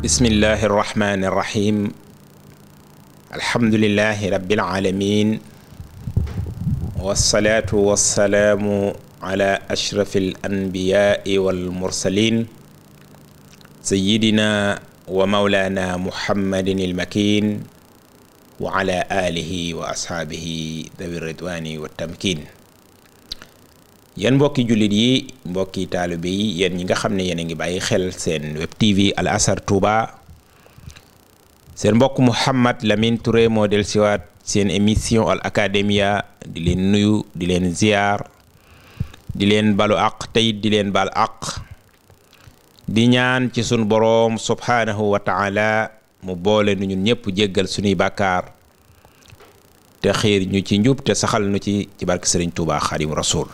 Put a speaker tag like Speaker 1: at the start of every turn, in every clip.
Speaker 1: bismillahi irrahmani irrahim alhamdulilahi rabbil alamin wassalaatu wassalaamu ala ashrafi al anbiyaai wal mursalin sayidina wa maulana muhammadin ilmakin wa ala alihi wa ashaabihi dawi ridwani wa tamkin yéen mbokki jullit yi mbokki taalibe yi yéen ñi nga xam ne yéen a ngi bàyyi xel seen web tv al asar touba seen mbokk mu Lamine Touré moo del siwaat seen émission al academia di leen nuyu di leen ziar di leen balu àq tey di leen bal àq di ñaan ci sun boroom subhaanahu wa mu boole nu ñun ñëpp jéggal suñuy bàkkaar te xiir ñu ci njub te saxal nu ci ci barke sëriñ Touba xadim rasul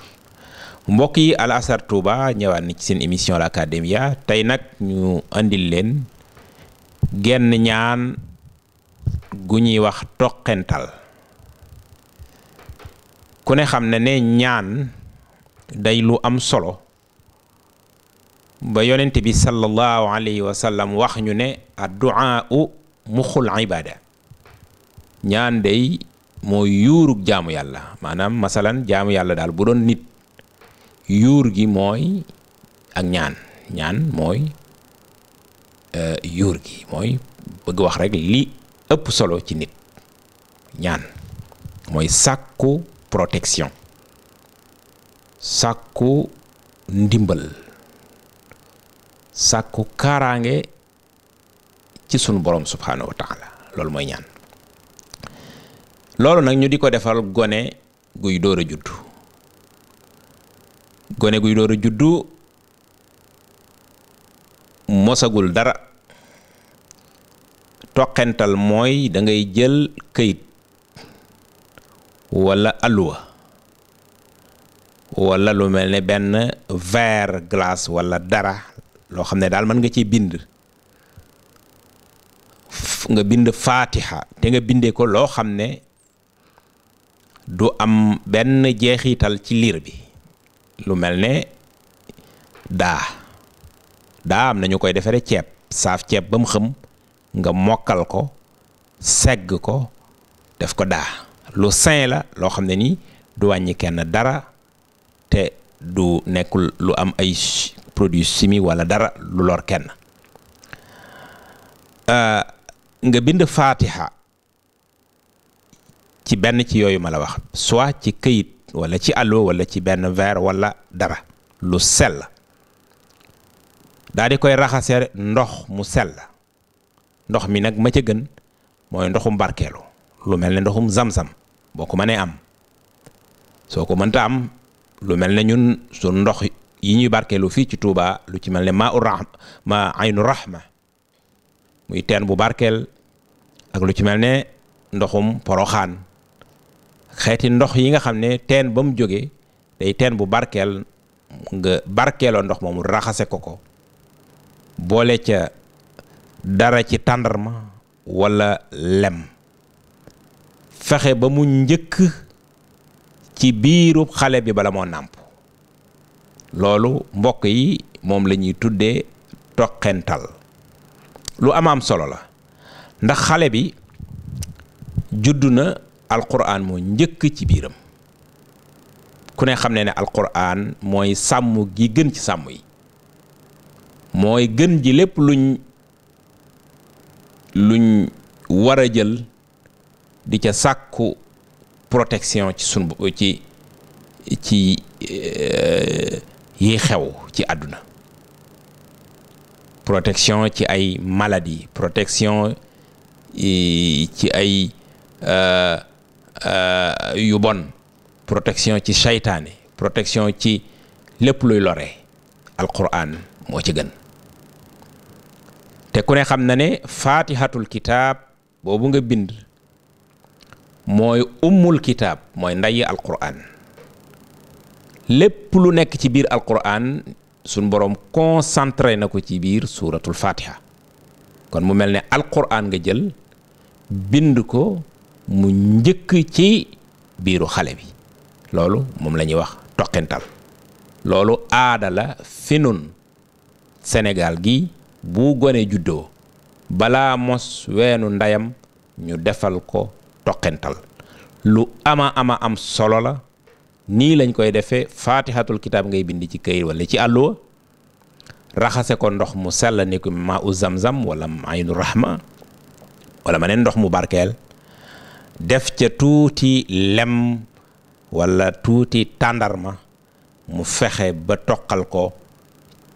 Speaker 1: mbokk yi Al Azhar Touba ci seen émission la Academia tey nag ñu indi leen genn ñaan gu ñuy wax toqental ku ne xam na ne ñaan day lu am solo ba yonent bi sallallahu alayhi wa sallam wax ñu ne addu'a u muxul ibada ñaan day mooy yuurug jaamu yàlla maanaam masalan jaamu yàlla daal bu doon nit yuur gi mooy ak ñaan ñaan mooy euh, yuur gi mooy bëgg wax rek li ëpp solo ci nit ñaan mooy sàkku protection sàkku ndimbal sàkku kaaraange ci sunu borom subhaanahu wa taala loolu mooy ñaan loolu nag ñu di ko defal gone guy dóor a juddu gone guy door a juddu mosagul dara toqental mooy dangay jël këyit walla aluwa walla lu mel ni benn verre glace walla dara loo xam ne daal mën nga ci bind nga bind faatiha te nga bindee ko loo xam ne du am benn jeexital ci liir bi lu mel ne daa daa am na ñu koy defaree ceeb saaf ceeb ba mu xëm nga mokkal ko segg ko def ko daa lu sain la loo xam ne nii du wàññi kenn dara te du nekkul lu am ay produits simi wala dara lu lor kenn nga bind faatiha ci benn ci yooyu ma la wax soit ci këyit wala ci allo wala ci benn verre wala dara lu sell daa di koy raxase ndox mu sell ndox mi nag ma ca gën mooy ndoxum barkeelu lu mel ne ndoxum zam-zam boo ko mënee am soo ko mënta am lu mel ne ñun su ndox yi ñuy barkeelu fii ci Touba lu ci mel ne maa u rahma maa aynu rahma teen bu barkeel ak lu ci mel ne ndoxum poroxaan xeeti ndox yi nga xam ne teen ba mu jógee day teen bu barkeel nga barkeeloo ndox moomu raxase ko ko boole ca dara ci tàndarma walla lem fexe ba mu njëkk ci biiru xale bi bala moo nàmp loolu mbokk yi moom lañuy tuddee toqental lu amaam solo la ndax xale bi judd na alquran moo njëkk ci biiram ku ne xam ne ne alquran mooy sàmm gi gën ci sàmm yi mooy gën ji lépp luñ luñ war a jël di ca sàkku protection ci sun ci ci yi xew ci àdduna protection ci ay maladie protection ci ay Euh, yu bon protection ci seytaane protection ci lépp luy lore alquran moo ci gën te ku ne xam na ne faatihatul kitaab boobu nga bind mooy ummul kitaab mooy ndayi alquran lépp lu nekk ci biir alquran suñ boroom concentré na ko ci biir suuratul faatiha kon mu mel ne alquran nga jël bind ko mu njëkk ci biiru xale bi loolu moom la ñuy wax toqental loolu aada la fi nun Sénégal gi bu gone juddoo balaa mos weenu ndeyam ñu defal ko toqental lu ama ama am solo la nii lañ koy defee faatixatul kitaab ngay bind ci këyit wala ci àlluwa raxase ko ndox mu sell ni ko ma u zamzam wala aynu rahma wala ma neen ndox mu barkeel def ca tuuti lem walla tuuti tàndarma mu fexe ba toqal ko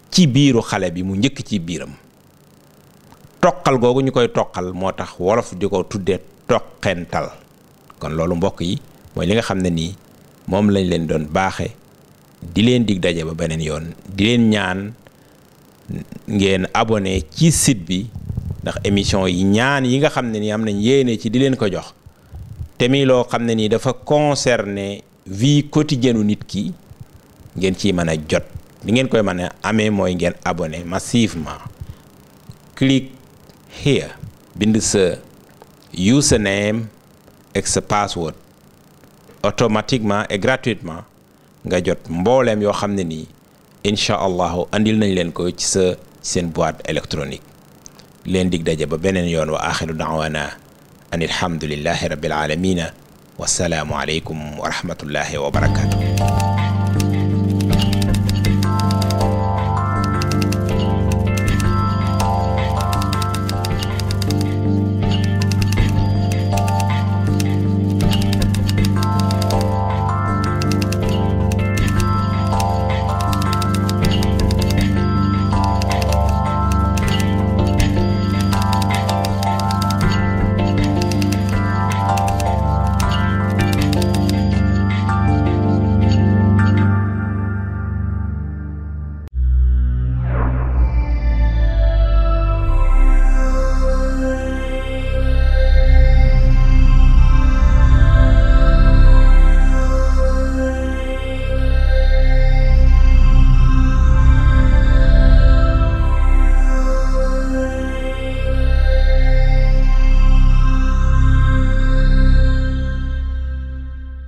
Speaker 1: ci biiru xale bi mu njëkk ci biiram toqal googu ñu koy toqal moo tax wolof di ko tudde toqental kon loolu mbokk yi mooy li nga xam ne nii moom lañ leen doon baaxe di leen dig daje ba beneen yoon di leen ñaan ngeen abone ci site bi ndax émission yi ñaan yi nga xam ne ni am nañ yéene ci di leen ko jox te mi loo xam ne nii dafa concerner vie quotidienne nit ki ngeen ci mën a jot li ngeen koy mën a amee mooy ngeen abonné massivement click here bind sa username ak sa password automatiquement et gratuitement nga jot mbooleem yoo xam ne nii incha allahu andil nañ leen ko ci sa seen boite électronique leen dig daje ba beneen yoon wa axiru daawana an alhamdulillahi rabbil alamina wasalaamu aleykum wa rahmatullahi wa barakatu